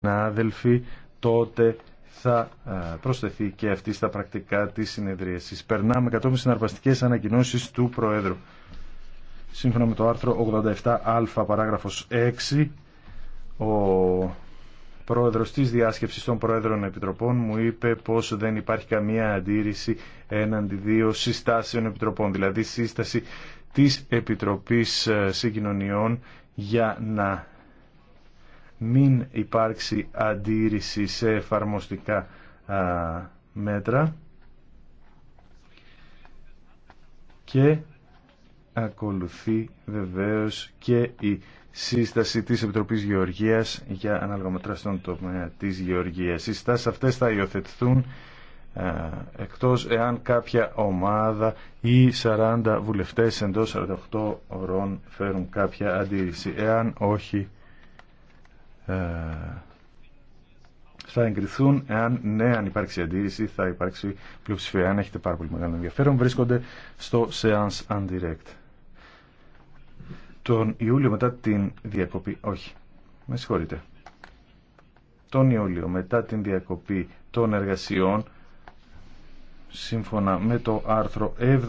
Αδελφοί, τότε θα ε, προσθεθεί και αυτή στα πρακτικά της συνεδρίασης. Περνάμε κατόπιν συναρπαστικές ανακοινώσεις του Προέδρου. Σύμφωνα με το άρθρο 87α παράγραφος 6, ο Πρόεδρος της Διάσκεψης των Προέδρων Επιτροπών μου είπε πως δεν υπάρχει καμία αντίρρηση έναντι δύο συστάσεων επιτροπών, δηλαδή σύσταση της Επιτροπής ε, Συγκοινωνιών για να μην υπάρξει αντίρρηση σε εφαρμοστικά μέτρα και ακολουθεί βεβαίως και η σύσταση της Επιτροπής Γεωργίας για αναλογαμετρά στον τομέα της Γεωργίας. Οι συστάσεις αυτές θα υιοθετηθούν εκτός εάν κάποια ομάδα ή 40 βουλευτές εντός 48 ωρών φέρουν κάποια αντίρρηση. Εάν όχι ε, θα εγκριθούν εάν ναι, αν υπάρξει αντίρρηση, θα υπάρξει πλειοψηφία. Αν έχετε πάρα πολύ μεγάλο ενδιαφέρον, βρίσκονται στο Seance undirect. Τον Ιούλιο μετά την διακοπή, όχι, με συγχωρείτε. Τον Ιούλιο μετά την διακοπή των εργασιών, σύμφωνα με το άρθρο 7.